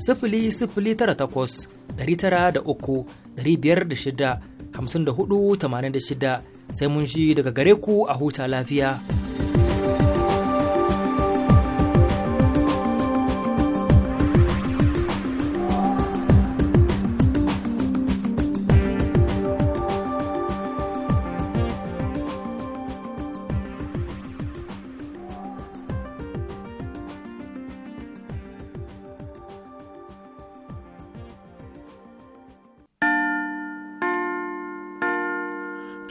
0098 506 5486 sai mun ji daga gare ku a huta lafiya.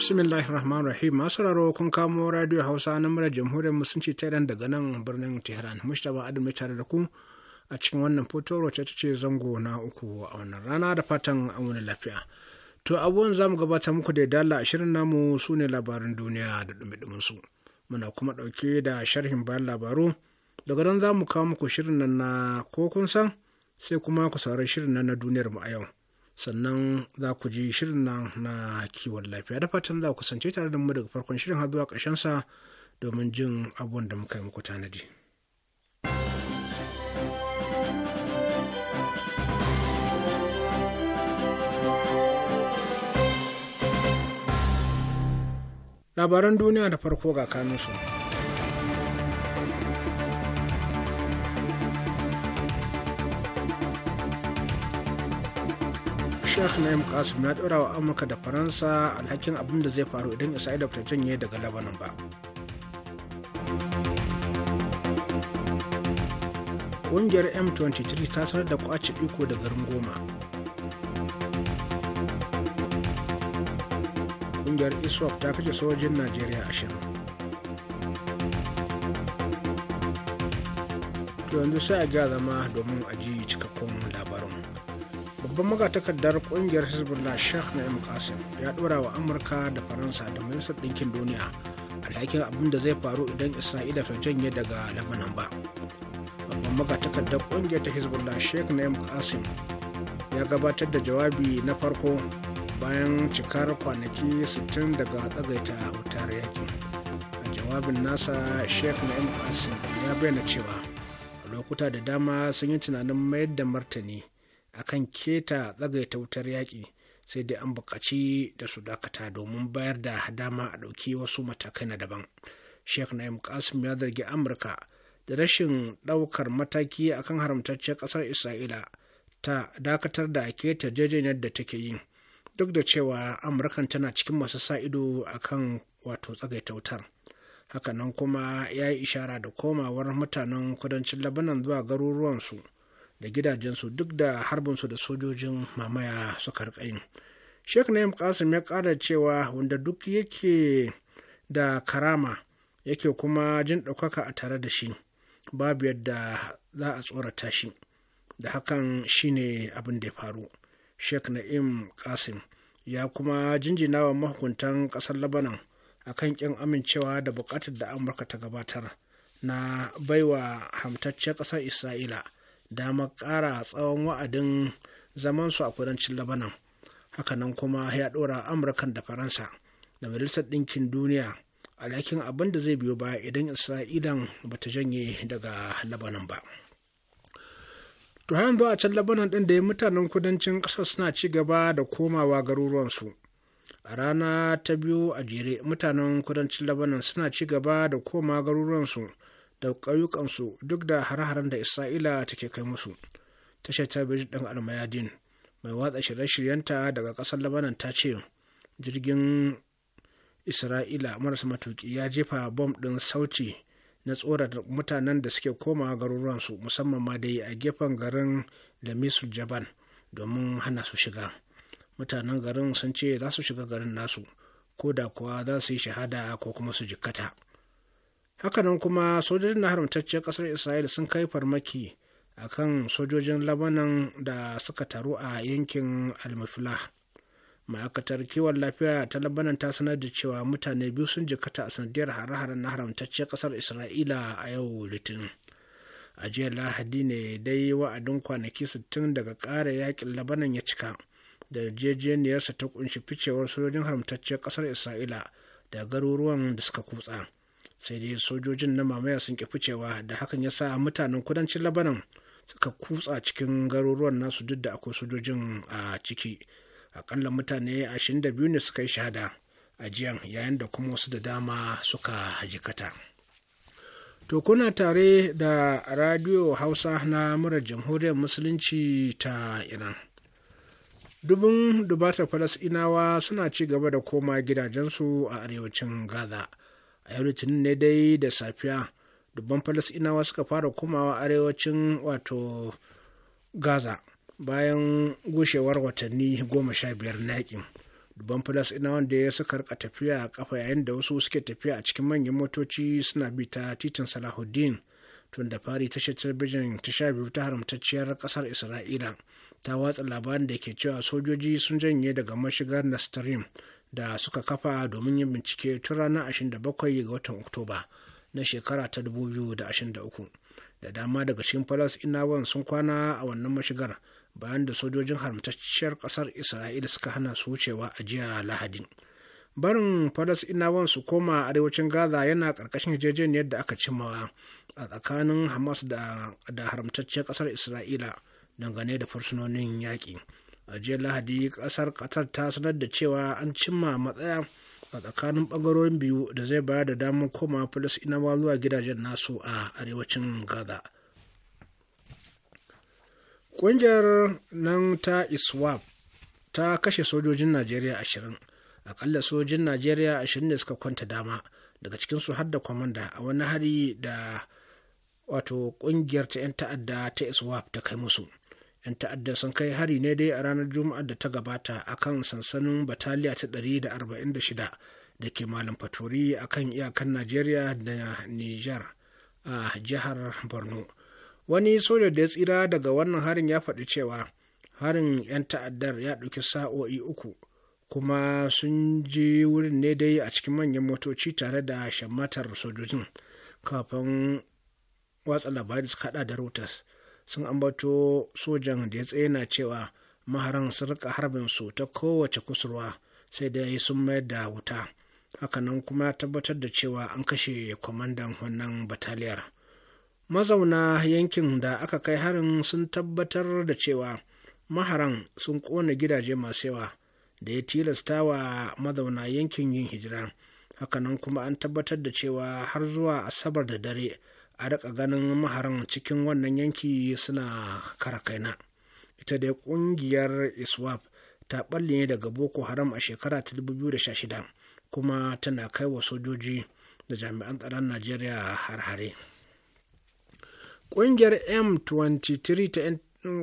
bismillahir rahmanir rahim masararo kun kamo radio hausa na murar jamhuriyar musulunci ta idan daga nan birnin tehran mustapha adam ya tare da ku a cikin wannan fotoro ta ce zango na uku a wannan rana da fatan a wani lafiya to abubuwan zamu gabata muku da dala ashirin namu su ne labarin duniya da dumi su muna kuma dauke da sharhin bayan labaru daga nan za mu kawo muku shirin nan na ko sai kuma ku saurari shirin nan na duniyar mu a yau sannan za ku ji shirin nan na kiwon lafiya da fatan za ku kusance tare da mu daga farkon shirin har zuwa ƙarshensa domin jin abubuwan da muka yi muku tanadi. Labaran duniya da farko ga kanunsu. Sheikh Naim Qasim ya dora wa Amurka da Faransa alhakin abin da zai faru idan Isra'ila ta janye daga Lebanon ba. Ƙungiyar M23 ta sanar da kwace iko da garin Goma. Ƙungiyar ISWAP ta kashe sojin Najeriya ashirin. To yanzu sai a gyara zama domin aji babban magatakardar kungiyar hezbollah sheikh na'im qasim ya dora wa amurka da faransa da majalisar ɗinkin duniya alhakin abin da zai faru idan isra'ila ta janye daga lebanon ba babban magatakardar kungiyar ta hezbollah sheikh na'im qasim ya gabatar da jawabi na farko bayan cikar kwanaki 60 daga tsagaita wutar yakin a jawabin nasa sheikh na'im qasim ya bayyana cewa lokuta da dama sun yi tunanin mayar da martani akan keta tsagaita wutar yaƙi sai dai an buƙaci da su dakata domin bayar da dama a ɗauki wasu matakai na daban sheikh na'im kasim ya zargi amurka da rashin ɗaukar mataki akan haramtacciyar ƙasar isra'ila ta dakatar da a keta jejen da take yi duk da cewa amurkan tana cikin masu sa ido akan wato tsagaita wutar hakanan kuma ya yi ishara da komawar mutanen kudancin labanan zuwa garuruwansu da gidajensu duk da harbinsu da sojojin mamaya suka rikayin sheikh na'im kasim ya ƙara cewa wanda duk yake da karama yake kuma jin ɗaukaka a tare da shi babu yadda za a tsorata shi da hakan shine abin da ya faru sheikh na'im kasim ya kuma jinjina wa mahukuntan ƙasar labanan akan ƙin amincewa da buƙatar da amurka ta gabatar na baiwa hamtaccen ƙasar isra'ila damar ƙara tsawon wa'adin zamansu a kudancin labanan hakanan kuma ya ɗora amurkan da faransa da majalisar ɗinkin duniya alhakin abin da zai biyo ba idan isra'ilan ba ta janye daga labanan ba to har yanzu can labanan ɗin da ya mutanen kudancin ƙasar suna ci gaba da komawa garuruwansu a rana ta biyu a jere mutanen kudancin labanan suna ci gaba da koma garuruwansu da ƙauyukansu duk da har-haren da isra'ila take kai musu tashar talabijin ɗin almayadin mai watsa shirye-shiryenta daga ƙasar labanan ta ce jirgin isra'ila marasa matuki ya jefa bom ɗin sauti na tsoratar mutanen da suke koma garuruwansu musamman ma dai a gefen garin lamisu jaban domin hana su shiga mutanen garin sun ce za su shiga garin nasu ko da kuwa za su yi shahada ko kuma su jikkata hakanan kuma sojojin na haramtacciyar kasar isra'ila sun kai farmaki a kan sojojin labanan da suka taru a yankin almafila ma'aikatar kiwon lafiya ta labanan ta sanar da cewa mutane biyu sun jikata a sanadiyar hare-haren na haramtacciyar ƙasar isra'ila a yau litinin a jiya lahadi ne dai wa'adin kwanaki sittin daga ƙara yakin labanan ya cika da yarjejeniyarsa ta kunshi ficewar sojojin haramtacciyar kasar isra'ila da garuruwan da suka kutsa sai dai sojojin na mamaya sun ƙi ficewa da hakan ya sa mutanen kudancin labanan suka kutsa cikin garuruwan nasu duk da akwai sojojin a ciki akalla mutane biyu ne suka yi shahada a jiyan yayin da kuma wasu da dama suka jikata to kuna tare da radio hausa na murar jamhuriyar musulunci ta iran dubin dubatar falasinawa suna ci gaba da koma gidajensu a arewacin gaza a yau litinin ne dai da safiya dubban falasinawa suka fara komawa arewacin wato gaza bayan gushewar watanni goma sha biyar na yakin dubban falasinawa da ya suka rika tafiya a kafa yayin da wasu suke tafiya a cikin manyan motoci suna bi ta titin salahuddin tun da fari tashar talabijin ta sha biyu ta haramtacciyar kasar isra'ila ta watsa labarin da ke cewa sojoji sun janye daga mashigar nastarim da suka kafa domin yin bincike tun ranar 27 ga watan oktoba na shekara ta 2023 da dama daga cikin falas inawan sun kwana a wannan mashigar bayan da sojojin haramtacciyar ƙasar isra'ila suka hana su wucewa a jiya lahadi barin falas-inawan su koma arewacin gaza yana ƙarƙashin yarjejeniyar yadda aka cimawa a tsakanin hamas da haramtacciyar ƙasar isra'ila dangane da fursunonin yaƙi a jiya lahadi kasar katar ta sanar da cewa an cimma matsaya a tsakanin bangarorin biyu da zai bayar da damar koma falasɗinawa zuwa gidajen nasu a arewacin gaza ƙungiyar nan ta iswap ta kashe sojojin najeriya ashirin akalla sojojin najeriya ashirin ne suka kwanta dama daga cikinsu har da kwamanda a wani hari da wato ƙungiyar ta 'yan ta'adda ta iswap ta kai musu 'yan ta'adda sun kai hari ne dai a ranar juma'ar da ta gabata a kan sansanin bataliya ta 146 da arba'in da ke malam fatori a kan iyakan najeriya da niger a jihar borno wani soja da ya tsira daga wannan harin ya faɗi cewa harin 'yan ta'addar ya ɗauki sa'o'i uku kuma sun je wurin ne dai a cikin manyan motoci tare da shammatar sojojin kafin watsa da suka haɗa da reuters sun ambato sojan da ya tsena cewa maharan sun rika harbin su ta kowace kusurwa sai dai sun mayar da wuta hakanan kuma ya tabbatar da cewa an kashe kwamandan wannan bataliyar mazauna yankin da aka kai harin sun tabbatar da cewa maharan sun kona gidaje masu yawa da ya tilasta wa mazauna yankin yin hijira hakanan kuma an tabbatar da cewa har zuwa asabar da dare a rika ganin maharan cikin wannan yanki suna kara kaina ita dai kungiyar iswap ta balle ne daga boko haram a shekara ta 2016 kuma tana kai wa sojoji da jami'an tsaron najeriya harhare. hare kungiyar m23 ta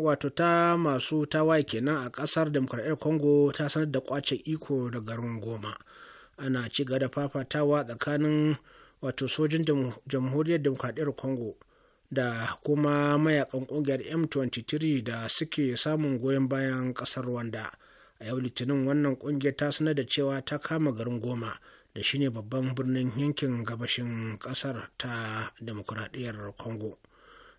wato ta masu tawaye kenan a kasar demokradiyyar congo ta sanar da kwace iko da garin goma ana ci gada fafatawa tsakanin wato sojin jamhuriyar demokradiyyar congo da kuma mayakan kungiyar m23 da suke samun goyon bayan kasar wanda a yau litinin wannan kungiyar ta sanar da cewa ta kama garin goma da shine babban birnin yankin gabashin kasar ta demokuraɗiyyar congo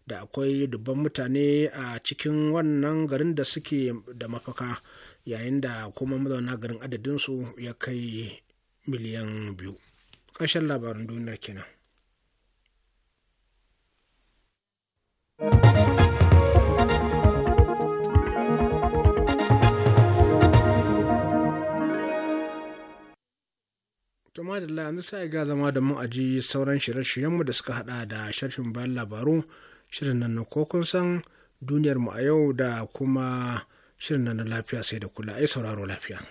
da akwai dubban mutane a cikin wannan garin da suke da mafaka yayin da kuma mazauna garin adadinsu ya kai miliyan biyu ƙarshen labarin duniyar kenan. Tuma da yanzu ya ga zama da mu aji sauran shirye-shiryenmu da suka hada da sharfin bayan labaru shirin nan na kokon san duniyarmu a yau da kuma shirin nan na lafiya sai da kula ai sauraro lafiya.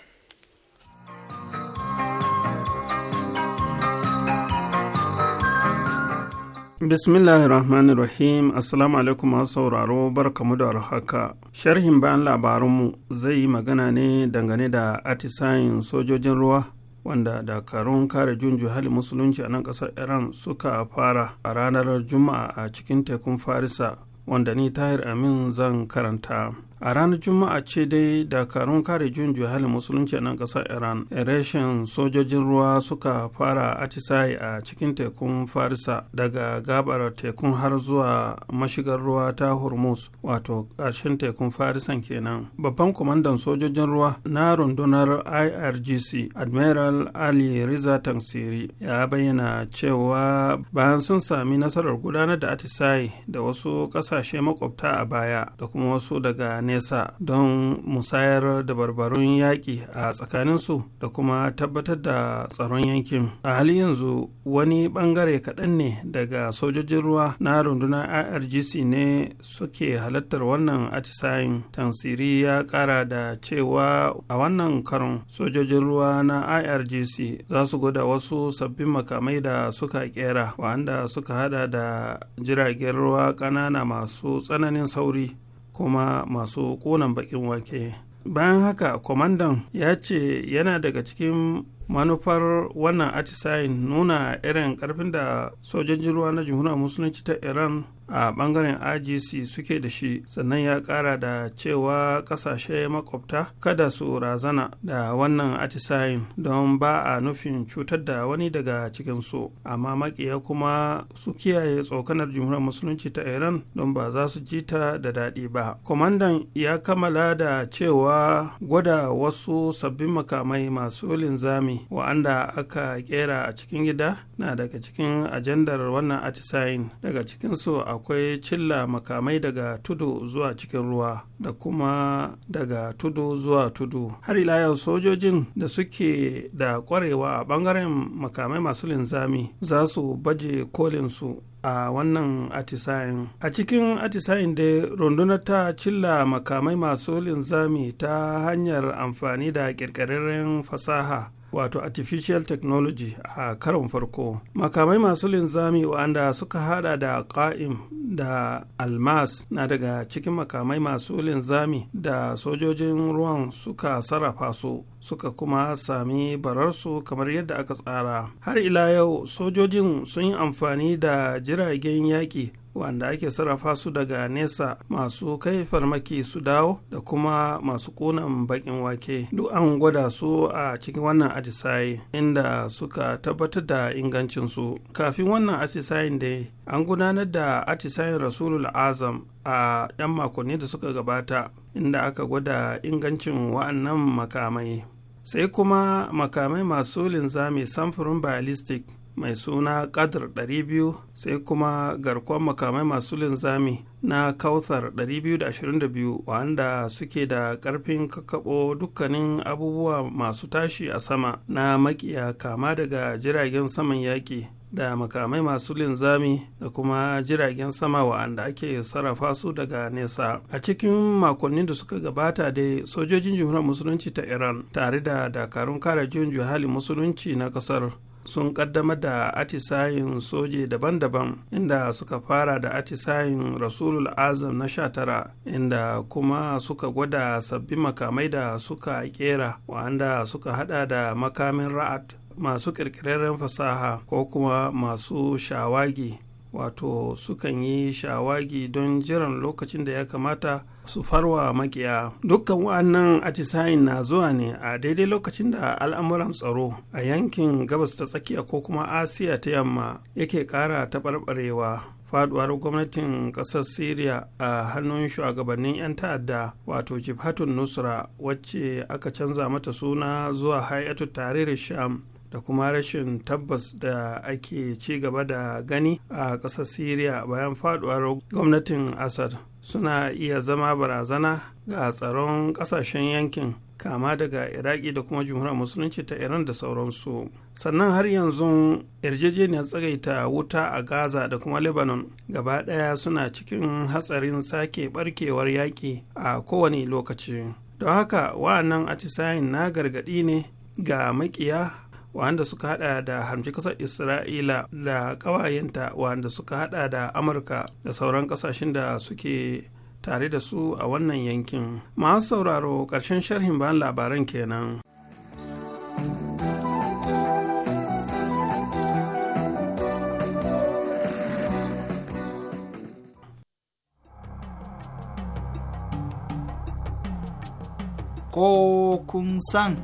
Bismillahir Rahmanir Rahim Assalamu alaikum masu sauraro barkamu da haka. Sharhin bayan labarinmu zai yi magana ne dangane da atisayin sojojin ruwa wanda dakarun kare junju hali musulunci a nan ƙasar Iran suka fara a ranar Juma'a a cikin tekun Farisa wanda ni Tahir Amin zan karanta. a ranar juma'a ce dai dakarun kare juyin halin musulunci a nan ƙasar iran reshen sojojin ruwa suka fara atisaye a cikin tekun farisa daga gabar tekun har zuwa mashigar ruwa ta hormuz wato ƙarshen tekun farisan kenan babban kwamandan sojojin ruwa na rundunar irgc admiral ali riza tansiri ya bayyana cewa bayan sun sami nasarar gudanar da atisaye da wasu ƙasashe makwabta a baya da kuma wasu daga nesa don musayar dabarbarun yaƙi a tsakaninsu da kuma tabbatar da tsaron yankin a hali yanzu wani ɓangare kaɗan ne daga sojojin ruwa na rundunar irgc ne suke halartar wannan atisayin tansiri ya ƙara da cewa a wannan karon sojojin ruwa na irgc za su gwada wasu sabbin makamai da suka kera wanda suka hada da jiragen ruwa ƙanana masu tsananin sauri kuma masu konan bakin wake bayan haka kwamandan ya ce yana daga cikin manufar wannan atisayin nuna irin karfin da sojojin ruwa na jamhuriyar musulunci ta iran a bangaren igc suke da shi sannan ya kara da cewa kasashe makwabta kada su razana da wannan atisayin don ba a nufin cutar da wani daga cikinsu amma makiya kuma su kiyaye tsokanar jamhuriyar musulunci ta iran don ba za su ji ta da daɗi ba kwamandan ya kammala da cewa gwada wasu sabbin makamai masu linzami wa'anda aka kera a cikin gida na daga cikin ajandar wannan atisayin daga cikinsu akwai cilla makamai daga tudu zuwa cikin ruwa da kuma daga tudu zuwa tudu har ila yau sojojin da suke da kwarewa a bangaren makamai masu linzami za su baje kolinsu a wannan atisayin a cikin atisayin dai rundunar ta cilla makamai masu linzami ta hanyar amfani da kirkirarren fasaha wato artificial technology a karon farko makamai masu linzami wanda suka hada da ƙa'im da almas na daga cikin makamai masu linzami da sojojin ruwan suka sarrafa su suka kuma sami bararsu kamar yadda aka tsara har ila yau sojojin sun yi amfani da jiragen yaƙi wanda ake sarrafa su daga nesa masu kai farmaki su dawo da kuma masu kunan baƙin wake duk an gwada su a cikin wannan atisaye inda suka tabbatar da ingancinsu kafin wannan atisayen da an gudanar da atisayen rasulul azam a 'yan makonni da suka gabata inda aka gwada ingancin wa'annan makamai sai kuma makamai masu linzami samfurin ballistic mai suna kadar 200 sai kuma garkon makamai masu linzami na kauthar 222 wanda suke da karfin kakabo dukkanin abubuwa masu tashi a sama na makiya kama daga jiragen saman yaƙi da makamai masu linzami da kuma jiragen sama wa'anda ake sarrafa su daga nesa a cikin makonni da suka gabata dai sojojin jimhuriyar musulunci ta iran tare da dakarun kare juyin halin musulunci na kasar sun kaddamar da atisayin soje daban-daban inda suka fara da atisayin rasulul azam na sha tara, inda kuma suka gwada sabbin makamai da suka kera wa'anda suka hada da makamin ra'ad masu ƙirƙirarren fasaha ko kuma masu shawagi wato sukan yi shawagi don jiran lokacin da ya kamata su farwa makiya dukkan wa'annan atisayin na zuwa ne a daidai lokacin da al'amuran tsaro a yankin gabas ta tsakiya ko kuma asiya ta yamma yake ƙara taɓarɓarewa faduwar gwamnatin ƙasar syria a hannun shugabannin 'yan ta'adda wato jibhatun nusra wacce aka canza mata suna zuwa hayatu tarihin sham da kuma rashin tabbas da ake ci gaba da gani a ƙasar syria bayan faduwar gwamnatin assad suna iya zama barazana ga tsaron ƙasashen yankin kama daga iraki da kuma jamhuriyar musulunci ta iran da sauransu sannan har yanzu yarjejeniyar tsagaita wuta a gaza da kuma lebanon gaba ɗaya suna cikin hatsarin sake barkewar yaƙi a kowane lokaci don haka wa'annan atisayin na gargaɗi ne ga makiya wanda suka hada da harmci kasar isra'ila da ƙawayenta wanda suka hada da amurka da sauran kasashen da suke tare da su a wannan yankin masu sauraro ƙarshen sharhin bayan labaran kenan. ko kun san.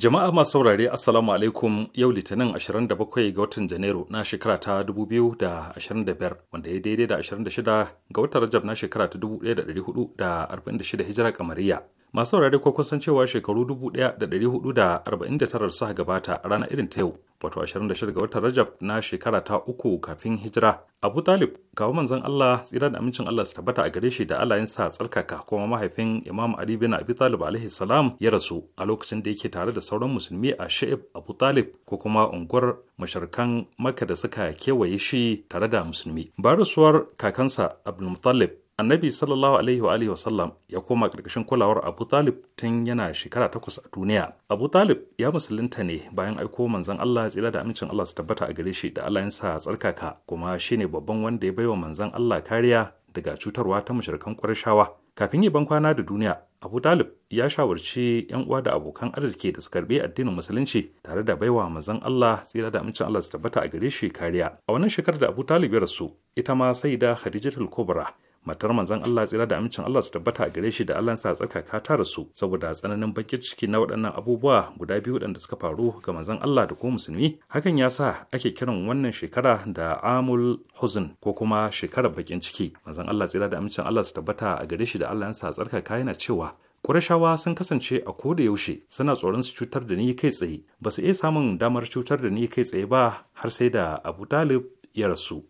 Jama'a masu saurare Assalamu alaikum yau Litinin 27 ga watan Janairu na shekara ta 2025 wanda ya daidai da 26 ga watan Rajab na shekara ta 1446 Hijira kamariya. masu saurare ko kusan cewa shekaru 1449 suka gabata a ranar irin ta yau wato 26 ga watan rajab na shekara ta uku kafin hijira abu talib kawo manzon allah tsira da amincin allah su tabbata a gare shi da alayensa tsarkaka kuma mahaifin imam ali bin abi talib alaihi salam ya rasu a lokacin da yake tare da sauran musulmi a sha'ib abu talib ko kuma unguwar masharkan maka da suka kewaye shi tare da musulmi ba rasuwar kakansa abdulmutallib annabi sallallahu alaihi wa ya koma ƙarƙashin kulawar abu talib tun yana shekara takwas a duniya abu talib ya musulunta ne bayan aiko manzon allah tsira da amincin allah su tabbata a gare shi da allah yansa tsarkaka kuma ne babban wanda ya baiwa manzan allah kariya daga cutarwa ta mushrikan ƙwarshawa kafin yi ban kwana da duniya abu talib ya shawarci yan uwa da abokan arziki da su karbi addinin musulunci tare da baiwa manzon allah tsira da amincin allah su tabbata a gare shi kariya a wannan shekarar da abu talib ya rasu ita ma sai da khadijatul kubra matar manzon Allah tsira da amincin Allah su tabbata gare shi da Allah sa tsarkaka ta rasu saboda tsananin bakin ciki na waɗannan abubuwa guda biyu waɗanda suka faru ga manzon Allah da ko musulmi hakan ya sa ake kiran wannan shekara da amul huzn ko kuma shekarar bakin ciki manzon Allah tsira da amincin Allah su tabbata a gare shi da Allah sa tsarkaka yana cewa kurashawa sun kasance a ko da yaushe suna tsoron su cutar da ni kai tsaye ba su iya samun damar cutar da ni kai tsaye ba har sai da Abu Talib ya rasu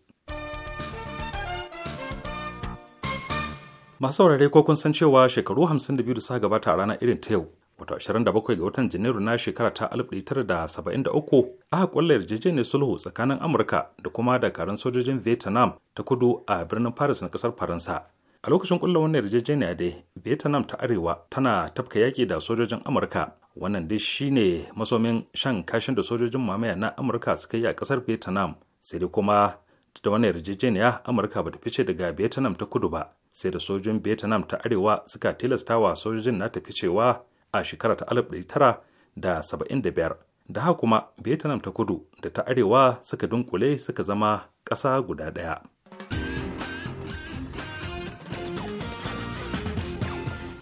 masu saurare ko kun san cewa shekaru 52 da suka gabata a ranar irin ta yau wato 27 ga watan janairu na shekara ta 1973 aka kulla yarjejeniyar sulhu tsakanin amurka da kuma dakarun sojojin vietnam ta kudu a birnin paris na kasar faransa a lokacin kulla wannan yarjejeniya dai vietnam ta arewa tana tafka yaki da sojojin amurka wannan dai shine masomin shan kashin da sojojin mamaya na amurka suka yi a kasar vietnam sai dai kuma da wannan yarjejeniya amurka ba ta fice daga vietnam ta kudu ba sai da sojojin vietnam ta arewa suka tilastawa sojojin nata ficewa a shekara ta 1975 da haka kuma vietnam ta kudu da ta arewa suka dunkule suka zama ƙasa guda ɗaya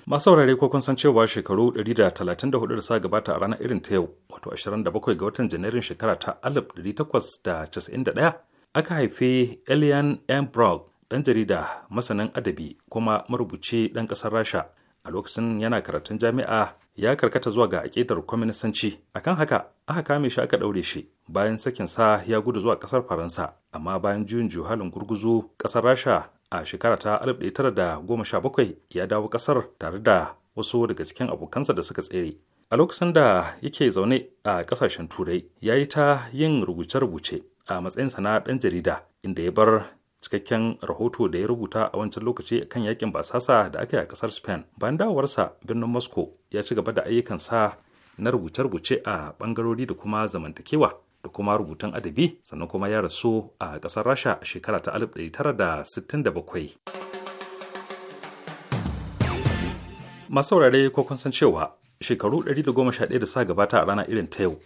masu saurare ko kun san cewa shekaru 134 da sa gabata a ranar irin ta yau wato 27 ga watan janairun shekara ta 1891 aka haifi Elian brock ɗan jarida masanin adabi kuma marubuci ɗan ƙasar rasha a lokacin yana karatun jami'a ya karkata zuwa ga aƙidar kwaminisanci kan haka aka kame shi aka ɗaure shi bayan sakin sa ya gudu zuwa ƙasar faransa amma bayan juyin juhalin gurguzu ƙasar rasha a shekara ta 1917 ya dawo ƙasar tare da wasu daga cikin abokansa da suka tsere a lokacin da yake zaune a ƙasashen turai ya yi ta yin rubuce-rubuce a matsayinsa na ɗan jarida inda ya bar cikakken rahoto da ya rubuta a wancan lokaci kan yakin basasa da aka yi a kasar spain bayan dawowarsa birnin moscow ya ci gaba da ayyukansa na rubuce-rubuce a bangarori da kuma zamantakewa da kuma rubutun adabi sannan kuma ya rasu a kasar rasha a shekara ta 1967 masu saurare ko kun san cewa shekaru 111 da sa gabata a rana irin ta yau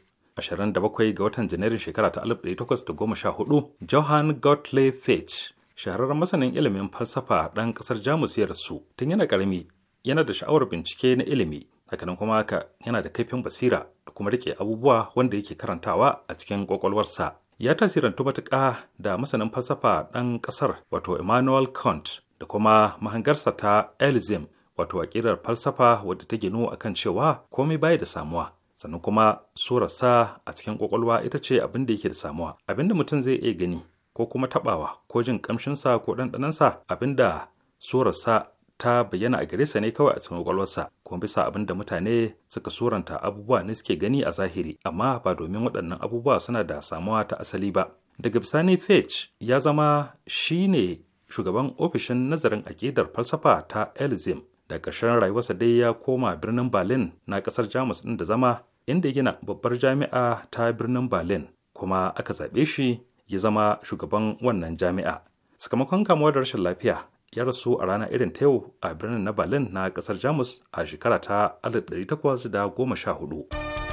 27 ga watan janairun shekara ta 1814 Johan gottlieb fitch shahararren masanin ilimin falsafa ɗan ƙasar jamus ya rasu tun yana ƙarami yana da sha'awar bincike na ilimi hakanan kuma haka yana da kaifin basira da kuma rike abubuwa wanda yake karantawa a cikin ƙwaƙwalwarsa. ya tasirantu matuƙa da masanin falsafa ɗan ƙasar wato emmanuel kant da kuma mahangarsa ta elzim wato aƙidar falsafa wadda ta ginu akan cewa komai baya da samuwa sannan kuma surarsa a cikin kwakwalwa ita ce abin da yake da samuwa Abinda mutum zai iya gani ko kuma tabawa ko jin kamshinsa ko ɗanɗanansa abin da surarsa ta bayyana a gare sa ne kawai a cikin kwakwalwarsa kuma bisa abin da mutane suka suranta abubuwa ne suke gani a zahiri amma ba domin waɗannan abubuwa suna da samuwa ta asali ba daga bisani fetch ya zama shine shugaban ofishin nazarin aƙidar falsafa ta elzim da ƙarshen rayuwarsa dai ya koma birnin berlin na ƙasar jamus ɗin da zama inda ya gina babbar jami'a ta birnin berlin kuma aka zaɓe shi ya zama shugaban wannan jami'a sakamakon kamuwa da rashin lafiya ya rasu a rana irin ta yau a birnin na berlin na ƙasar jamus a shekara ta 1814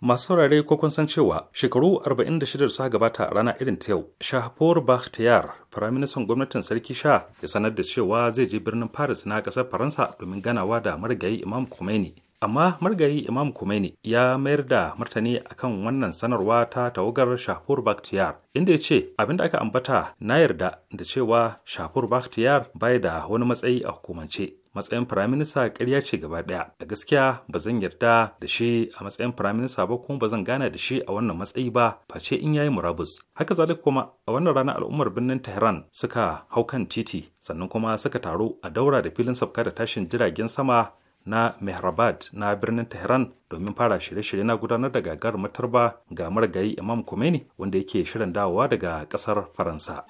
masu saurare ko kun san cewa shekaru 46 suka gabata a rana irin ta yau shahpor bakhtiyar firaministan gwamnatin sarki sha ya sanar da cewa zai je birnin paris na kasar faransa domin ganawa da marigayi imam khomeini amma marigayi imam khomeini ya mayar da martani akan wannan sanarwa ta tawagar shahpur bakhtiyar inda ya ce abin da aka ambata na yarda da cewa shahpur bakhtiyar bai da wani matsayi a hukumance matsayin firaminista karya ce gaba ɗaya da gaskiya ba zan yarda da shi a matsayin firaminista ba kuma ba zan gana da shi a wannan matsayi ba face in yayi murabus haka zalika kuma a wannan rana al'ummar birnin tehran suka hau kan titi sannan kuma suka taru a daura da filin sabka da tashin jiragen sama na mehrabad na birnin tehran domin fara shirye-shirye na gudanar da gagarumar matarba ga marigayi imam khomeini wanda yake shirin dawowa daga kasar faransa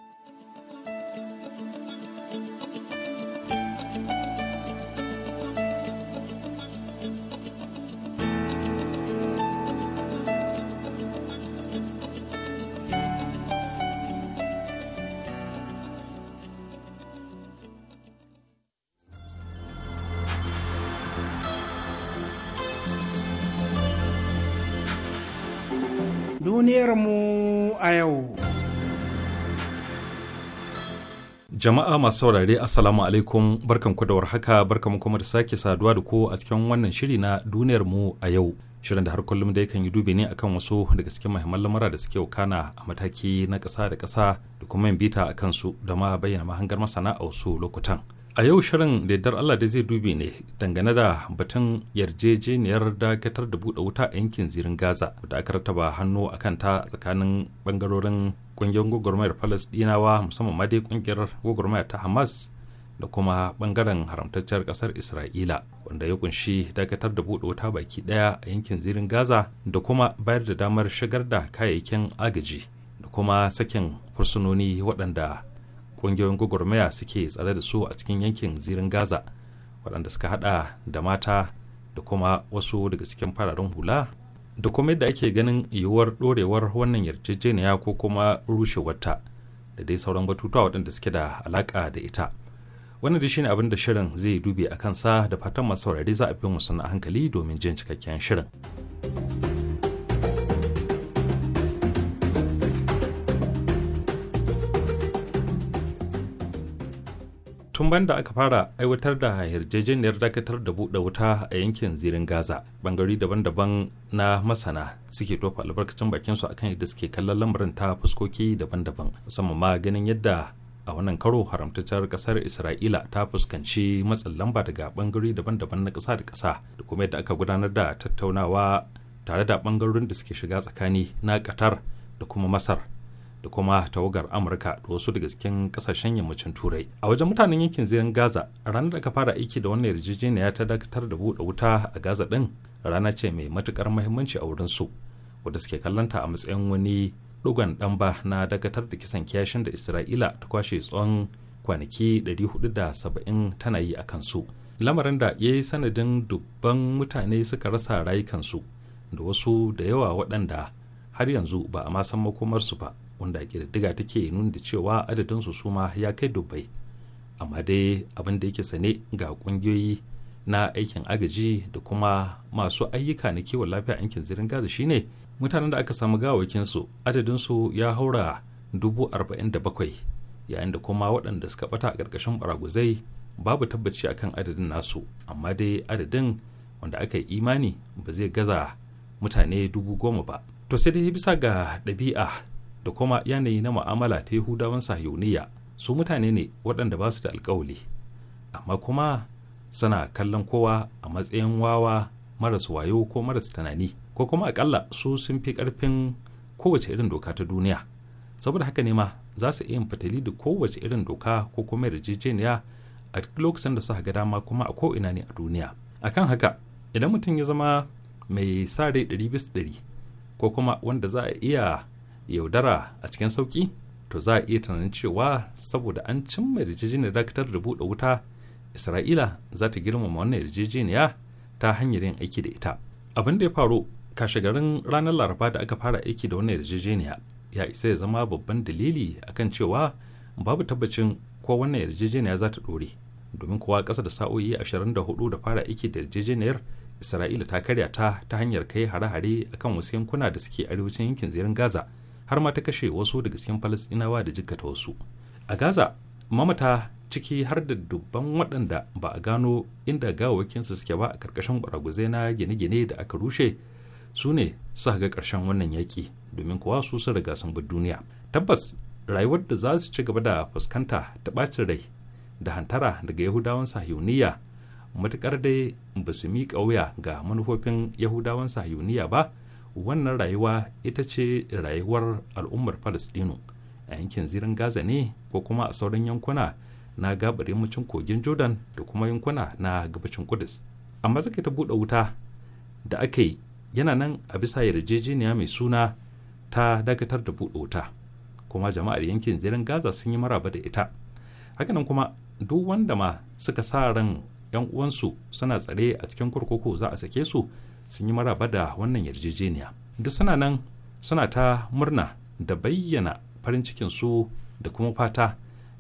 duniyarmu a yau. Jama'a masu saurare Assalamu alaikum barkan ku da warhaka barkan kuma da sake saduwa da ku a cikin wannan shiri na duniyarmu a yau. Shirin da har kullum da yakan yi dubi ne akan wasu daga cikin mahimman lamura da suke wakana a mataki na ƙasa da ƙasa da kuma yin bita a kansu da ma bayyana mahangar masana a wasu lokutan. a yau shirin daidar allah da zai dube ne dangane da batun yarjejeniyar dakatar da buɗe wuta a yankin zirin gaza da aka rataba hannu a kanta tsakanin bangarorin ƙungiyar gwagwarmayar Falasɗinawa, musamman ma dai ƙungiyar gwagwarmayar ta hamas da kuma bangaren haramtacciyar ƙasar isra'ila wanda ya kunshi dakatar da buɗe wuta baki ɗaya a yankin zirin gaza da kuma bayar da damar shigar da kayayyakin agaji da kuma sakin fursunoni waɗanda ƙungiyoyin gwagwarmaya suke tsare da su a cikin yankin zirin gaza waɗanda suka hada da mata da kuma wasu daga cikin fararen hula da kuma yadda ake ganin yiwuwar ɗorewar wannan yarjejeniya ko kuma rushewarta da dai sauran batutuwa waɗanda suke da alaƙa da ita wannan da shine abin da shirin zai dubi a kansa da fatan masu saurari za a fi musu na hankali domin jin cikakken shirin. tun banda aka fara aiwatar da yarjejeniyar dakatar da buɗe wuta a yankin zirin gaza bangare daban-daban na masana suke tofa albarkacin bakinsu akan yadda suke kallon lamarin ta fuskoki daban-daban musamman ma ganin yadda a wannan karo haramtacciyar kasar isra'ila ta fuskanci matsin lamba daga bangare daban-daban na kasa da kasa da kuma yadda aka gudanar da tattaunawa tare da bangarorin da suke shiga tsakani na qatar da kuma masar da kuma tawagar amurka da wasu daga cikin kasashen yammacin turai a wajen mutanen yankin zirin gaza ranar da ka fara aiki da wannan yarjejeniya ta dakatar da buɗe wuta a gaza ɗin rana ce mai matukar muhimmanci a wurin su wanda suke kallonta a matsayin wani dogon ɗanba na dakatar da kisan kiyashin da isra'ila ta kwashe tsawon kwanaki hudu da 470 tana yi a kansu lamarin da ya yi sanadin dubban mutane suka rasa rayukansu da wasu da yawa waɗanda har yanzu ba a ma san makomarsu ba wanda ƙididdiga take nuna da cewa adadin su suma ya kai dubbai amma dai abin da yake sane ga kungiyoyi na aikin agaji da kuma masu ayyuka na kiwon lafiya yankin zirin gaza shine mutanen da aka samu su adadin su ya haura dubu arba'in da bakwai yayin da kuma waɗanda suka bata a ƙarƙashin baraguzai babu tabbaci akan adadin nasu amma dai adadin wanda aka yi imani ba zai gaza mutane dubu goma ba to sai dai bisa ga ɗabi'a da kuma yanayi na mu'amala ta yahudawan sahiyoniya su mutane ne waɗanda ba su da alkawali amma kuma suna kallon kowa a matsayin wawa maras wayo ko maras tunani ko kuma akalla su sun fi ƙarfin kowace irin doka ta duniya saboda haka ne ma za su iya fitali da kowace irin doka ko kuma yarjejeniya a duk lokacin da suka ga dama kuma a ko'ina ne a duniya akan haka idan mutum ya zama mai sa rai ko kuma wanda za a iya yaudara a cikin sauki to za a iya tunanin cewa saboda an cimma yarjejeniyar dakatar da buɗe wuta isra'ila za ta girmama wannan yarjejeniya ta hanyar yin aiki da ita abin da ya faru garin ranar laraba da aka fara aiki da wannan yarjejeniya ya isa ya zama babban dalili akan cewa babu tabbacin ko wannan yarjejeniya za ta ɗore domin kuwa ƙasa da sa'o'i 24 da hudu da fara aiki da yarjejeniyar isra'ila ta karya ta ta hanyar kai hare-hare akan wasu yankuna da suke arewacin yankin zirin gaza har ma ta kashe wasu daga cikin falasɗinawa da jikkata wasu a gaza mamata ciki har da dubban waɗanda ba a gano inda gawawakinsu suke ba a ƙarƙashin baraguzai na gine-gine da aka rushe su ne su ga ƙarshen wannan yaƙi domin kuwa su sun riga sun duniya tabbas rayuwar da za su ci gaba da fuskanta ta ɓacin rai da hantara daga yahudawan sahiyuniya matuƙar dai ba su miƙa wuya ga manufofin yahudawan sahiyuniya ba wannan rayuwa ita ce rayuwar al'ummar palestino a yankin zirin gaza ne ko kuma a sauran yankuna na gabar yammacin kogin jordan da kuma yankuna na gabacin kudus amma zaka ta buɗe wuta da aka yi yana nan a bisa yarjejeniya mai suna ta dakatar da buɗe wuta kuma jama'ar yankin zirin gaza sun yi maraba da ita hakanan kuma duk wanda ma suka sa ran 'yan uwansu suna tsare a cikin kurkuku za a sake su sun yi maraba da wannan yarjejeniya duk suna nan suna ta murna da bayyana farin cikin su da kuma fata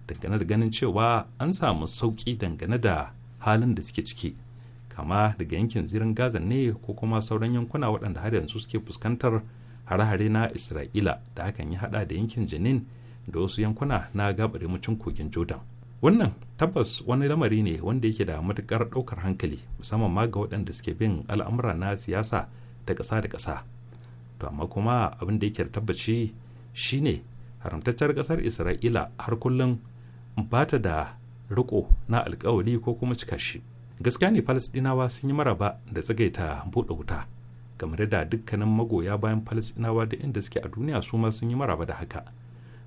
dangane da ganin cewa an samu sauƙi dangane da halin da suke ciki kama daga yankin zirin gaza ne ko kuma sauran yankuna waɗanda har yanzu suke fuskantar hare-hare na isra'ila da hakan ya haɗa da yankin janin da wasu yankuna na gabar kogin jordan wannan tabbas wani lamari ne wanda yake da matukar ɗaukar hankali musamman ma ga waɗanda suke bin al'amura na siyasa ta ƙasa da ƙasa to amma kuma abin da yake da tabbaci shine haramtaccen ƙasar isra'ila har kullum ba ta da riko na alkawari ko kuma cika shi gaskiya ne falasɗinawa sun yi maraba da tsagaita buɗe wuta kamar da dukkanin magoya bayan falasɗinawa da inda suke a duniya su ma sun yi maraba da haka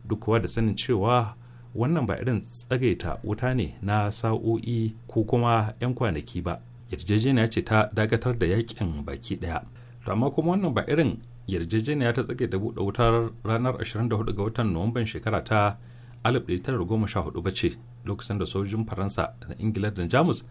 duk kuwa da sanin cewa wannan ba irin tsagaita wuta ne na sa'o'i ko kuma 'yan kwanaki ba yarjejeniya ce ta dakatar da yakin baki daya to amma kuma wannan ba irin yarjejeniya ta tsage da buɗe wutar ranar 24 ga watan nuwamban shekara ta 1914 ba ce lokacin da sojin faransa da ingila da jamus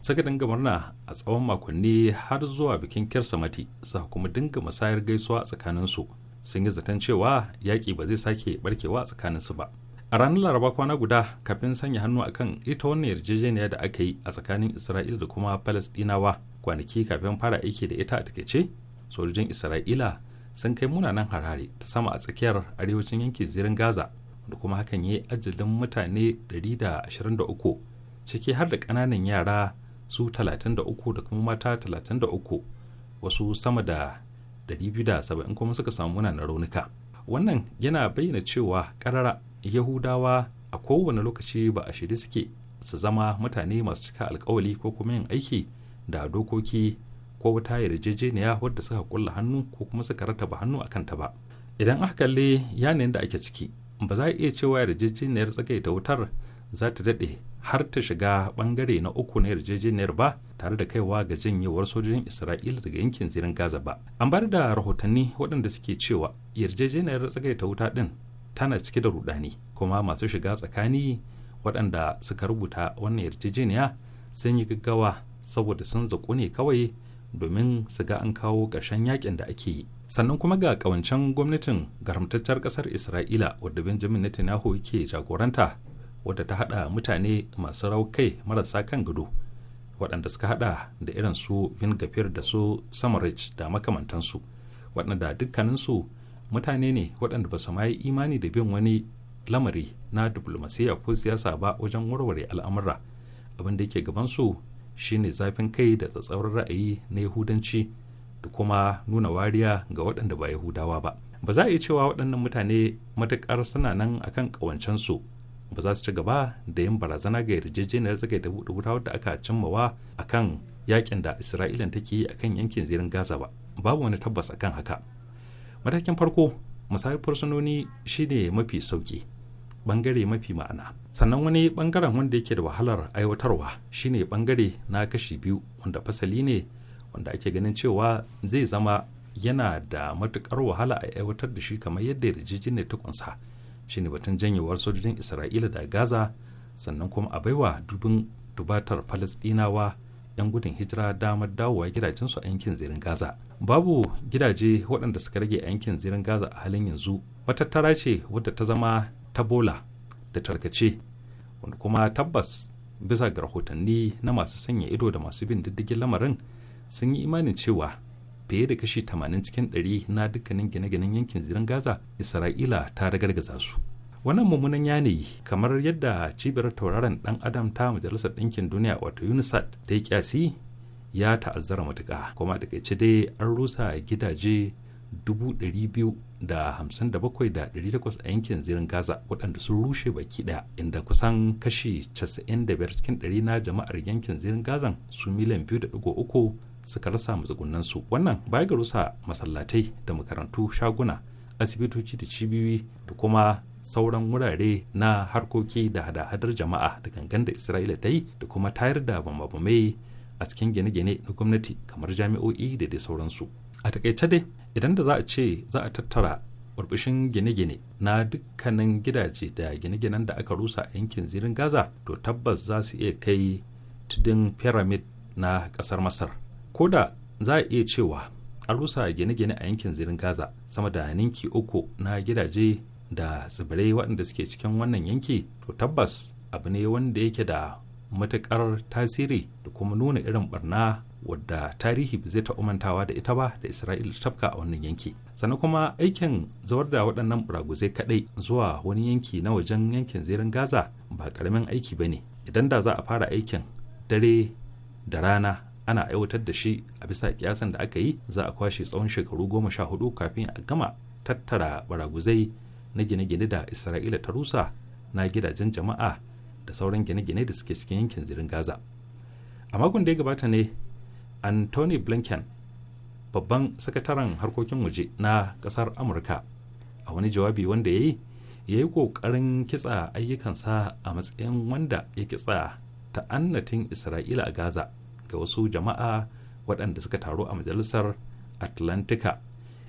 suka dinga murna a tsawon makonni har zuwa bikin kirsimati sa kuma dinga musayar gaisuwa tsakaninsu sun yi zaton cewa yaƙi ba zai sake barkewa tsakaninsu ba a ranar laraba kwana guda kafin sanya hannu akan ita wannan yarjejeniya da aka yi a tsakanin isra'ila da kuma palestinawa kwanaki kafin fara aiki da ita a takaice sojojin isra'ila sun kai munanan harare ta sama a tsakiyar arewacin yankin zirin gaza da kuma hakan ya yi ajalin mutane 123 ciki har da ƙananan yara su 33 da kuma mata 33 wasu sama da 270 kuma suka samu munanan raunuka wannan yana bayyana cewa karara yahudawa a kowane lokaci ba a shirye suke su zama mutane masu cika alkawali ko kuma yin aiki da dokoki ko wata yarjejeniya wadda suka kulla hannu ko kuma suka rataba hannu a ta ba idan aka kalli yanayin da ake ciki ba za a iya cewa yarjejeniyar tsagaita wutar za ta daɗe har ta shiga bangare na uku na yarjejeniyar ba tare da kaiwa ga janyewar sojojin isra'ila daga yankin zirin gaza ba an bar da rahotanni waɗanda suke cewa yarjejeniyar tsagaita wuta ɗin tana cike da rudani kuma masu shiga tsakani waɗanda suka rubuta wannan yarjejeniya sun yi gaggawa saboda sun zaƙo ne kawai domin su ga an kawo ƙarshen yakin da ake yi sannan kuma ga ƙawancen gwamnatin garamtaccen ƙasar isra'ila wadda benjamin netanyahu yake jagoranta wadda ta haɗa mutane masu kai marasa kan gado waɗanda suka haɗa da irin su vingafir da su samarich da makamantansu waɗanda dukkaninsu mutane ne waɗanda ba su ma yi imani da bin wani lamari na diplomasiya ko siyasa ba wajen warware al'amura abin da yake gabansu shine zafin kai da tsatsauran ra'ayi na yahudanci da kuma nuna wariya ga waɗanda ba yahudawa ba ba za a yi cewa waɗannan mutane matuƙar suna nan akan ƙawancensu ba za su ci gaba da yin barazana ga yarjejeniyar zagai da buɗe wuta da aka cimmawa akan yakin da isra'ila take yi akan yankin zirin gaza ba babu wani tabbas akan haka matakin farko musayar fursunoni shi ne mafi sauki bangare mafi ma'ana sannan wani bangaren wanda yake da wahalar aiwatarwa shine bangare na kashi biyu wanda fasali ne wanda ake ganin cewa zai zama yana da matukar wahala a aiwatar da shi kamar yadda ya ne ta kunsa shine batun janyewar sojojin isra'ila da gaza sannan kuma a baiwa dubin dubatar falasdinawa yan gudun hijira damar dawowa gidajensu a yankin zirin gaza babu gidaje waɗanda suka rage yankin zirin gaza a halin yanzu matattara ce wadda ta zama ta bola da tarkace wanda kuma tabbas bisa ga rahotanni na masu sanya ido da masu bin diddigin lamarin sun yi imanin cewa fiye da kashi 80 cikin 100 na dukkanin gine-ginen yankin zirin gaza isra'ila ta ragargaza su wannan mummunan yanayi kamar yadda cibiyar tauraron dan adam ta majalisar ɗinkin duniya wato unisat ta yi kyasi ya ta'azzara matuƙa kuma a takaice dai an rusa gidaje 257,800 a yankin zirin Gaza waɗanda sun rushe baki ɗaya inda kusan kashi 95 cikin 100 na jama'ar yankin zirin Gazan su miliyan 2.3 suka rasa matsugunansu wannan baya ga rusa masallatai da makarantu shaguna asibitoci da cibiyoyi da kuma sauran wurare na harkoki da hada-hadar jama'a da gangan da Isra'ila ta yi da kuma tayar da bambamai a cikin gine-gine na gwamnati kamar jami'o'i da dai sauransu a takaice dai idan da za a ce za a tattara burbushin gine-gine na dukkanin gidaje da gine-ginen da aka rusa a yankin zirin gaza to tabbas za su iya kai tudun pyramid na kasar masar ko da za a iya cewa an rusa gine-gine a yankin zirin gaza sama da ninki uku na gidaje da tsibirai waɗanda suke cikin wannan yanki to tabbas abu ne wanda yake da matuƙar tasiri da kuma nuna irin barna wadda tarihi ba zai taɓa mantawa da ita ba da isra'ila ta tafka a wannan yanki sannan kuma aikin zawar da waɗannan buraguzai kaɗai zuwa wani yanki na wajen yankin zirin gaza ba ƙaramin aiki ba ne idan da za a fara aikin dare da rana ana aiwatar da shi a bisa kiyasan da aka yi za a kwashe tsawon shekaru goma sha hudu kafin a gama tattara baraguzai na gine-gine da isra'ila ta rusa na gidajen jama'a da sauran gine-gine da suke cikin yankin zirin gaza a makon da ya gabata ne anthony blinken babban sakataren harkokin waje na kasar amurka a wani jawabi wanda ya yi ya yi ƙoƙarin kitsa ayyukansa a matsayin wanda ya kitsa ta'annatin isra'ila a gaza ga wasu jama'a waɗanda suka taru a majalisar atlantika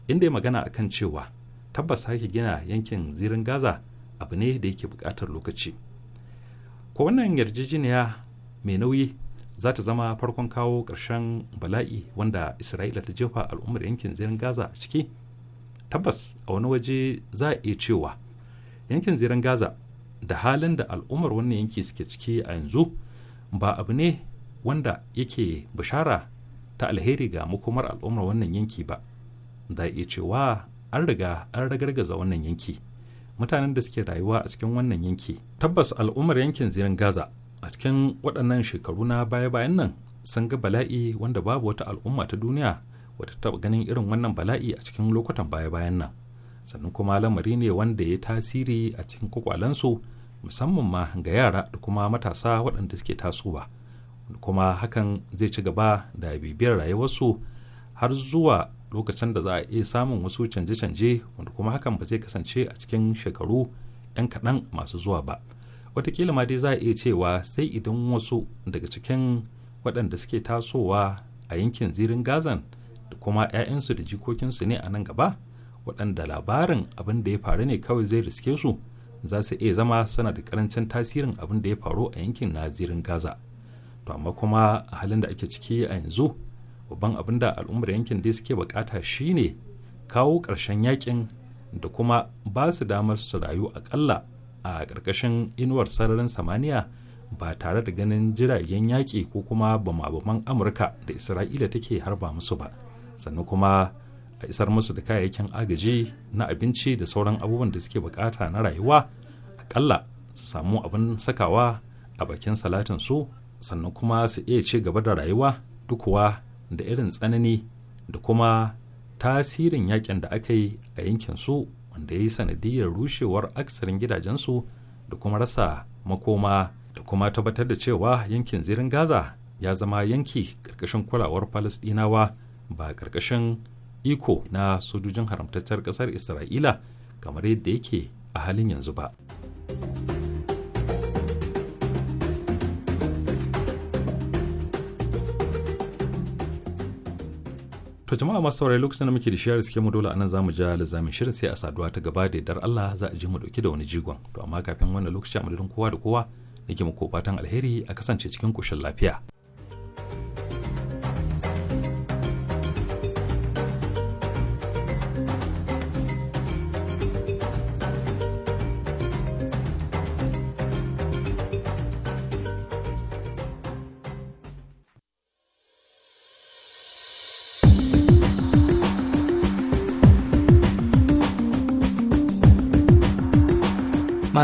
inda ya magana akan cewa tabbas sake gina yankin zirin gaza abu ne da yake buƙatar lokaci ko wannan yarjejeniya mai nauyi za ta zama farkon kawo ƙarshen bala'i wanda isra'ila ta jefa al'ummar yankin zirin gaza a ciki tabbas a wani waje za a iya cewa yankin zirin gaza da halin da al'ummar wannan yanki suke ciki a yanzu ba abu ne wanda yake bishara ta alheri ga makomar al'ummar wannan yanki ba da iya cewa an riga an ragargaza wannan yanki mutanen da suke rayuwa a cikin wannan yanki tabbas al'ummar yankin zirin gaza a cikin waɗannan shekaru na baya-bayan nan sun ga bala'i wanda babu wata al'umma ta duniya wata taɓa ganin irin wannan bala'i a cikin lokutan baya-bayan nan sannan kuma lamari ne wanda ya tasiri a cikin kwakwalensu musamman ma ga yara da kuma matasa waɗanda suke tasowa kuma hakan zai ci gaba da bibiyar rayuwarsu har zuwa lokacin da za a iya samun wasu canje-canje wanda kuma hakan ba zai kasance a cikin shekaru 'yan kaɗan masu zuwa ba watakila ma dai za a iya cewa sai idan wasu daga cikin waɗanda suke tasowa a yankin zirin gazan da kuma 'ya'yansu da jikokinsu ne a nan gaba waɗanda labarin abin da ya faru ne kawai zai riske su za su iya zama sana da karancin tasirin abin da ya faru a yankin na zirin gaza to amma kuma a halin da ake ciki a yanzu babban abin da al'ummar yankin dai suke bukata shine kawo ƙarshen yakin da kuma ba su damar su rayu aƙalla a ƙarƙashin inuwar sararin samaniya ba tare da ganin jiragen yaƙi ko kuma bama-baman amurka da isra'ila take harba musu ba sannan kuma a isar musu da kayayyakin agaji na abinci da sauran abubuwan da suke bukata na rayuwa akalla su samu abin sakawa a bakin salatin su sannan kuma su iya ci gaba da rayuwa dukuwa da irin tsanani da kuma tasirin yakin da aka yi a yankin su wanda ya yi sanadiyar rushewar aksarin gidajensu da kuma rasa makoma da kuma tabbatar da cewa yankin zirin gaza ya zama yanki ƙarƙashin kulawar falasɗinawa ba ƙarƙashin iko na sojojin haramtaccen ƙasar isra'ila kamar yadda yake a halin yanzu ba. To jama'a masu saurari lokacin da muke da shiyar suke mu dole anan zamu ja lazamin shirin sai a saduwa ta gaba da dar Allah za a je mu dauki da wani jigon. To amma kafin wannan lokaci a madadin kowa da kowa nake muku fatan alheri a kasance cikin koshin lafiya.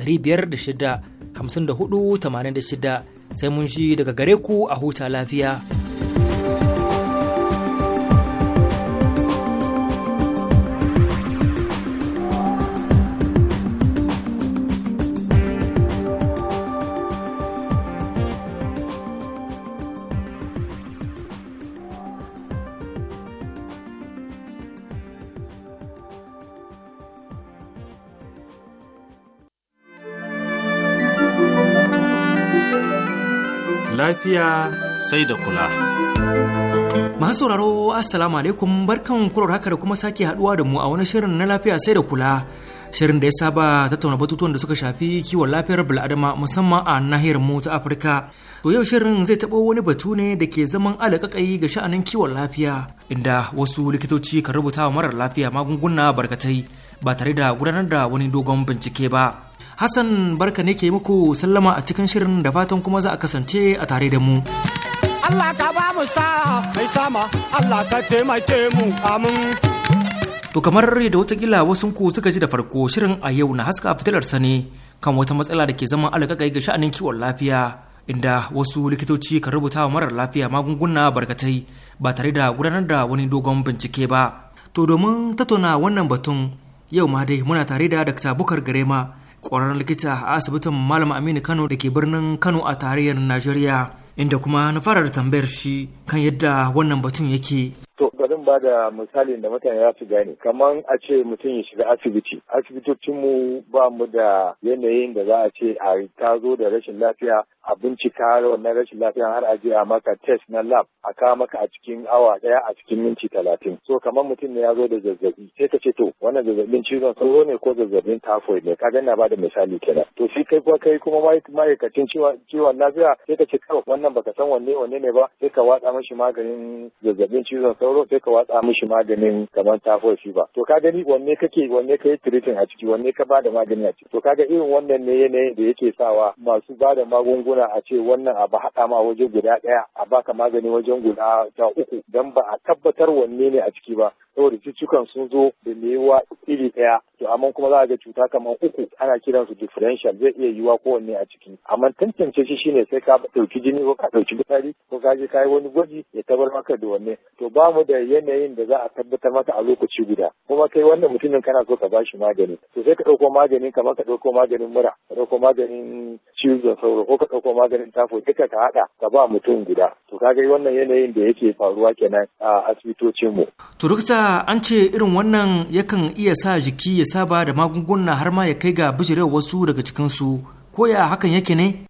506 sai mun ji daga gare ku a huta lafiya. lafiya sai da kula. Masu sauraro Assalamu alaikum barkan kurar haka da kuma sake haduwa da mu a wani shirin na lafiya sai da kula. Shirin da ya saba tattauna batutuwan da suka shafi kiwon lafiyar bil'adama musamman a nahiyar mu ta Afirka. To yau shirin zai taɓo wani batu ne da ke zaman alaƙaƙai ga sha'anin kiwon lafiya inda wasu likitoci kan rubuta wa marar lafiya magunguna barkatai ba tare da gudanar da wani dogon bincike ba. Hassan barka ne ke muku sallama a cikin shirin da fatan kuma za a kasance a tare da mu. Allah ka ba mu sa'a mai sama Allah ka taimake mu amin. To kamar da watakila wasu ku suka ji da farko shirin a yau na haska fitilar sani kan wata matsala da ke zama alaƙaƙai ga sha'anin kiwon lafiya. inda wasu likitoci kan rubuta wa marar lafiya magunguna barkatai ba tare da gudanar da wani dogon bincike ba. To domin tattauna wannan batun yau ma dai muna tare da Dr. Bukar Garema ƙwararren likita a asibitin malam aminu kano da ke birnin kano a tarayyar najeriya inda kuma na fara da tambayar shi kan yadda wannan batun yake to ba da misalin da mutane za su gane kamar a ce mutum ya shiga asibiti asibitocinmu ba mu da yanayin da za a ce a ta zo da rashin lafiya a bincika wannan rashin lafiya har a je a maka test na lab a kawo maka a cikin awa daya a cikin minti talatin so kamar mutum ne ya zo da zazzabi sai ka ce to wannan zazzabin cizon sauro ne ko zazzabin typhoid ne kaga na bada misali kenan to shi kai kuma kai kuma ma'aikacin ciwon lafiya sai ka ce kawai wannan baka san wanne wanne ne ba sai ka watsa mishi maganin zazzabin cizon sauro sai ka watsa mishi maganin kamar typhoid ba. to ka gani wanne kake wanne kai treating a ciki wanne ka bada magani a ciki to kaga irin wannan ne yanayin da yake sawa masu bada magunguna magunguna a ce wannan abu haɗa ma waje guda ɗaya a baka magani wajen guda ta uku don ba a tabbatar wanne ne a ciki ba saboda cututtukan sun zo da yiwuwa iri ɗaya to amma kuma za a ga cuta kamar uku ana kiran su differential zai iya yiwuwa kowanne a ciki amma tantance shi shine sai ka ɗauki jini ko ka ɗauki fitsari ko ka je wani gwaji ya tabar maka da wanne to ba mu da yanayin da za a tabbatar maka a lokaci guda kuma kai wannan mutumin kana so ka ba shi magani to sai ka ɗauko magani kamar ka ɗauko maganin mura ka ɗauko maganin cizon sauro ko ka ɗauko maganin tafo duka ka haɗa ka ba mutum guda to kaga wannan yanayin da yake faruwa kenan a asibitocin mu. an ce irin wannan yakan iya sa jiki ya saba da magunguna har ma ya kai ga bijirewar wasu daga cikinsu ko ya hakan yake ne?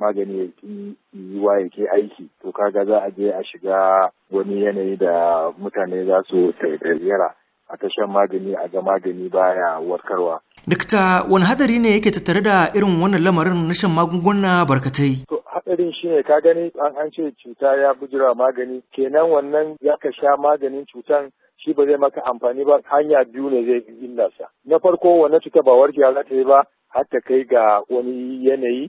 magani ya ki yiwa ya ke aiki to kaga za a je a shiga wani yanayi da mutane za su tarayyara a tashan magani a ga magani baya warkarwa. Dikta wani hadari ne yake tattare da irin wannan lamarin na shan magunguna barkatai? To hadarin shine ka gani an an ce cuta ya bujura magani kenan wannan ya ka sha maganin cutan shi ba zai maka amfani ba hanya biyu ne zai illa sa. Na farko wannan cuta ba warke za ta yi ba har ta kai ga wani yanayi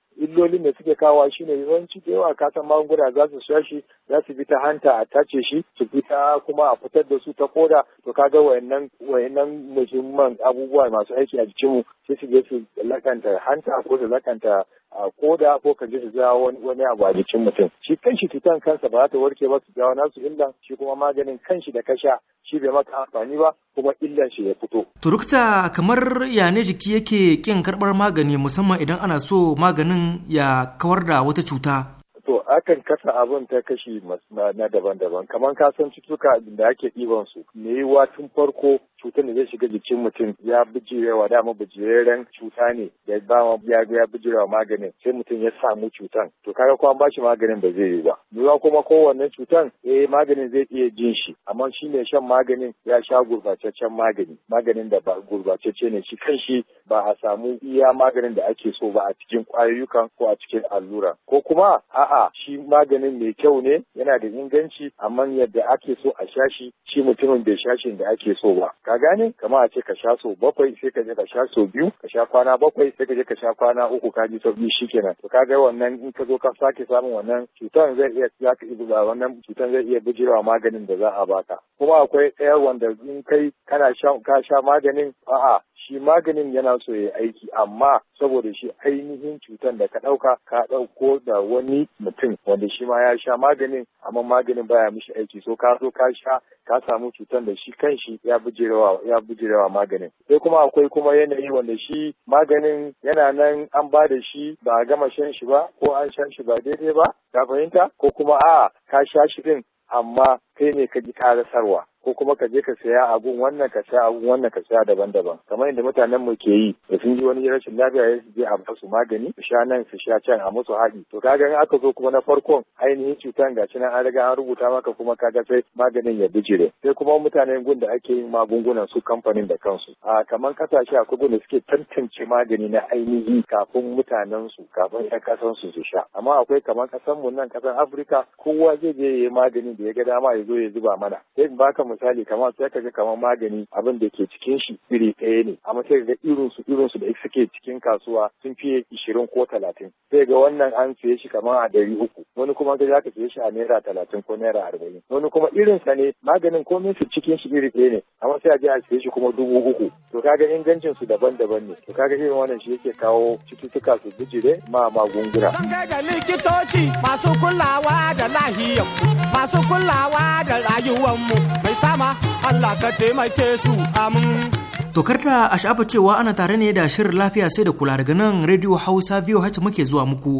illolin da suke kawo shi shine yawanci da yawa kasan magunguna za su sha shi za su bi ta hanta a tace shi su fita kuma a fitar da su ta koda to kaga wayannan wayannan muhimman abubuwa masu aiki a jikinmu sai su je su lakanta hanta ko su lakanta a koda ko kan ji su jawo wani abu a jikin mutum shi kanshi cutan kansa ba za ta warke ba su jawo nasu illa shi kuma maganin kanshi da kasha shi bai maka amfani ba kuma illan shi ya fito. turukta kamar ya ne jiki yake kin karbar magani musamman idan ana so maganin ya kawar da wata cuta to akan kasa abin ta kashi na daban-daban kamar ka san cutuka da ake ɗiban su ne tun farko cutar da zai shiga jikin mutum ya bijirewa dama bijiraren cuta ne da ba ya ya bijirewa maganin sai mutum ya samu cutan to kaga kuma ba bashi maganin ba zai yi ba lura kuma kowanne cutan eh maganin zai iya jin shi amma shi ne shan maganin ya sha gurbataccen magani maganin da ba gurbatacce ne shi kan shi ba a samu iya maganin da ake so ba a cikin kwayoyukan ko a cikin allura ko kuma a'a shi maganin mai kyau ne yana da inganci amma yadda ake so a sha shi shi mutumin bai sha shi da ake so ba ka gane kama a ce ka sha sau bakwai sai ka je ka sha sau biyu ka sha kwana bakwai sai ka je ka sha kwana uku ka ji sau sauki shikenan to ga wannan in ka zo ka sake samun wannan cutan zai iya ya ka iya wannan cutan zai iya bijirewa maganin da za a baka kuma akwai ɗaya wanda in kai kana sha ka sha maganin a'a shi maganin yana so ya aiki amma saboda shi ainihin cutar da ka ɗauka ka ɗauko da wani mutum wanda shi ma ya sha maganin amma maganin baya mishi aiki so ka so ka sha ka samu cutar da shi kanshi ya bijirewa bujirewa ya bujirewa maganin sai kuma akwai kuma yanayi wanda shi maganin yana nan an ba da shi ba a gama shan shi ba ko an sha shi ba daidai ba ka fahimta ko kuma a ka sha shi din amma kai ne ka ji karasarwa ko kuma ka je ka saya abun wannan ka saya abun wannan ka saya daban-daban kamar inda mutanen mu ke yi da sun ji wani rashin lafiya ya je a basu magani su sha nan su sha can a musu haɗi to kaga in aka zo kuma na farkon ainihin cutan ga cinan an riga an rubuta maka kuma kaga sai maganin ya bijire sai kuma mutanen gun da ake yin magungunan su kamfanin da kansu a kamar kasashe akwai gun da suke tantance magani na ainihi kafin mutanen su kafin ƴan kasan su su sha amma akwai kamar kasan mu nan kasan Afirka kowa zai je ya yi magani da ya ga dama ya ya zo ya zuba mana sai in baka misali kamar sai ka ga kamar magani abin da ke cikin shi iri ɗaya ne amma sai ga irin su irin su da suke cikin kasuwa sun fiye ishirin ko talatin sai ga wannan an siye shi kamar a dari uku wani kuma ga zaka siye shi a naira talatin ko naira arba'in wani kuma irin sa ne maganin komai su cikin shi iri ɗaya ne amma sai a je a siye shi kuma dubu uku to kaga ingancin su daban-daban ne to kaga irin wannan shi yake kawo cututtuka su bijire ma magunguna. Sun ga likitoci masu kulawa da lahiyar masu kulawa kula da mu mai sama Allah ka taimake su amin. Tokar da a shafa cewa ana tare ne da shirin lafiya sai da kula daga nan Radio Hausa biyu hace muke zuwa muku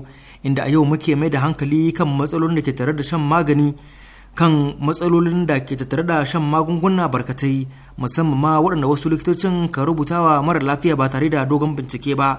inda a yau muke mai da hankali kan matsalolin da ke tare da shan magani kan matsalolin da ke tattare da shan magunguna barkatai musamman ma waɗanda wasu likitocin ka rubutawa mara lafiya ba tare da dogon bincike ba.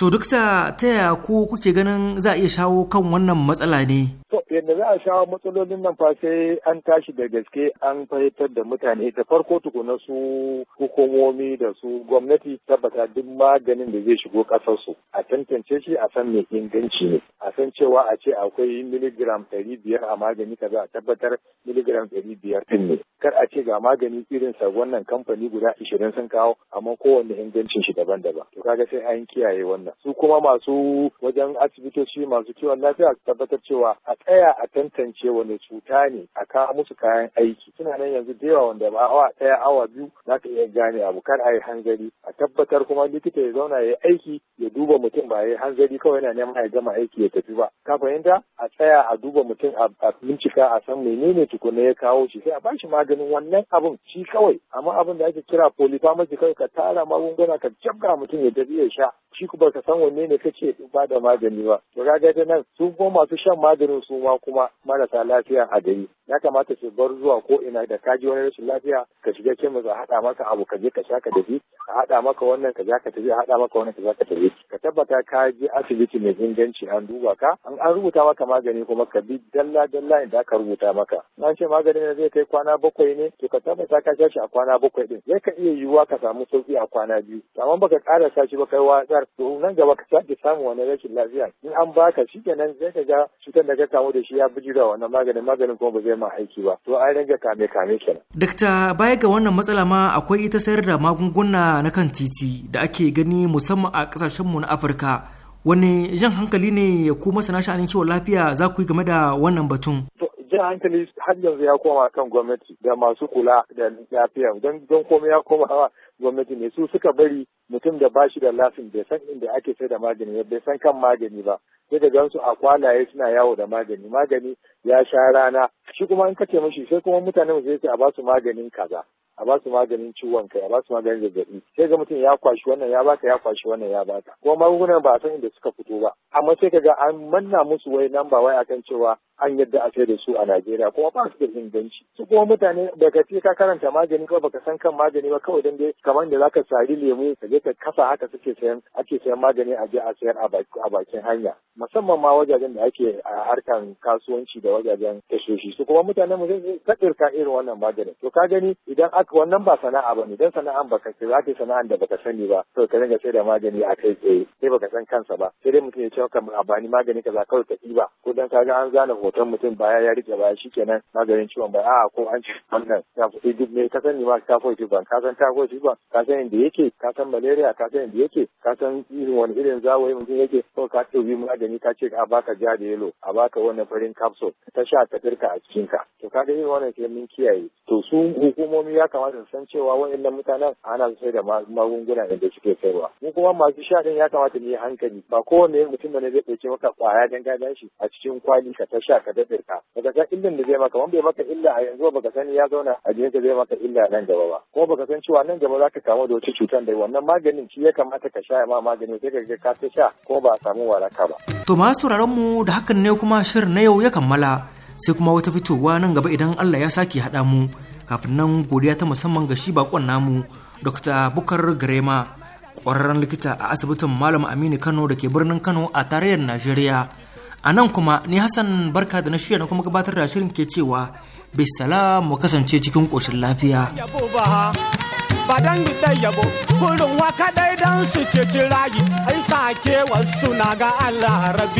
To duk ta yaya ko kuke ganin za a iya shawo kan wannan matsala ne? To yadda za a shawo matsalolin nan fa sai an tashi da gaske an fahimtar da mutane ta farko tukuna su hukumomi da su gwamnati tabbata duk maganin da zai shigo kasarsu a tantance shi a san mai inganci ne a san cewa a ce akwai miligram ɗari biyar a magani kaza a tabbatar miligram ɗari biyar ɗin ne kar a ce ga magani irin sa wannan kamfani guda ishirin sun kawo amma kowanne ingancin shi daban-daban to kaga sai an kiyaye wannan kenan su kuma masu wajen asibitoci masu kiwon lafiya su tabbatar cewa a tsaya a tantance wani cuta ne a kawo musu kayan aiki suna nan yanzu da yawa wanda ba awa ɗaya awa biyu za ka iya gane abu kar a yi hanzari a tabbatar kuma likita ya zauna ya yi aiki ya duba mutum ba ya yi hanzari kawai yana neman a gama aiki ya tafi ba ka fahimta a tsaya a duba mutum a bincika a san menene tukuna ya kawo shi sai a bashi maganin wannan abun shi kawai amma abin da ake kira polypharmacy kawai ka tara magunguna ka jabga mutum ya tafi ya sha shi kuma ka ka san wanne ne kake ba da magani ba to kaga ta nan su kuma masu shan maganin su ma kuma marasa lafiya a gari ya kamata su bar zuwa ko ina da kaji wani rashin lafiya ka shiga kemis a haɗa maka abu ka je ka sha ka tafi a haɗa maka wannan ka za ka tafi a haɗa maka wannan ka za ka tafi ka tabbata ka je asibiti mai inganci an duba ka an an rubuta maka magani kuma ka bi dalla dalla inda aka rubuta maka na ce maganin zai kai kwana bakwai ne to ka tabbata ka sha shi a kwana bakwai din zai ka iya yiwuwa ka samu sauki a kwana biyu amma baka ƙara sa shi ba kai watsar to nan gaba ka sake samu wani rashin lafiya in an baka shi kenan zai ka ga cutar da ka kamu da shi ya bijira wannan maganin maganin kuma ba zai ma aiki ba to an rage kame kame kenan dakta baya ga wannan matsala ma akwai ita sayar da magunguna na kan titi da ake gani musamman a kasashen mu na Afirka wani jan hankali ne ku masana sha'anin kiwon lafiya za ku yi game da wannan batun jan hankali har yanzu ya koma kan gwamnati da masu kula da lafiya don don komai ya koma gwamnati ne su suka bari mutum da bashi da lafin bai san inda ake sai da magani bai san kan magani ba sai da gansu a kwalaye suna yawo da magani magani ya sha rana shi kuma in ka ce mishi sai kuma mutanen sai su a basu maganin kaza a ba su maganin ciwon kai a ba su maganin zazzabi sai ga mutum ya kwashi wannan ya baka ya kwashi wannan ya baka kuma magungunan ba a san inda suka fito ba amma sai kaga an manna musu wai nan ba wai akan cewa an yadda a sai da su a Najeriya kuma ba su da inganci su kuma mutane daga ce ka karanta magani kuma baka san kan magani ba kawai dan dai kamar da zaka sari lemu ka je ka kasa haka suke sayan ake sayan magani a je a sayar a bakin hanya musamman ma wajajen da ake a harkan kasuwanci da wajajen tashoshi su kuma mutanen mu zai ta irin wannan maganin to ka gani idan aka wannan ba sana'a ba ne don sana'an baka ka za ka sana'an da baka sani ba to ka dinga sai da magani a kai tsaye sai baka san kansa ba sai dai mutum ya ce maka a bani magani kaza kawai ka ɗiba ko dan kaga an zana hoton mutum baya ya rike baya shikenan maganin ciwon baya a'a ko an ci wannan ya fi duk ne ka sani ma typhoid fever ka san typhoid ba ka san inda yake ka san malaria ka san inda yake ka san irin wani irin zawayi mutum yake ko ka ɗauki magani ka ce a baka ja da yelo a baka wannan farin capsule ta sha ta firka a cikinka to ga irin wannan sai mun kiyaye to su hukumomi ya kamata su san cewa wa'annan mutanen ana sai da magunguna da suke kaiwa. mu kuma masu sha din ya kamata mu yi hankali ba kowane mutum ne zai ɗauke maka kwaya dan ga shi a cikin kwali ka tasha ka da ka baka san illan da zai maka wanda bai maka illa a yanzu baka sani ya zauna a jikinka zai maka illa nan gaba ba kuma baka san cewa nan gaba za ka kamu da wata cutar da wannan maganin shi ya kamata ka sha ma maganin, sai ka ka ta sha ko ba a samu waraka ba to ma sauraron mu da hakan ne kuma shirin na yau ya kammala sai kuma wata fitowa nan gaba idan Allah ya sake haɗa mu kafin nan godiya ta musamman ga shi bakon namu dr bukar garema ƙwararren likita a asibitin malam aminu kano da ke birnin kano a tarayyar najeriya a nan kuma ni hassan barka da na shirya na kuma gabatar da shirin ke cewa bisala mu kasance cikin ƙoshin lafiya su rayu ai sake na ga Allah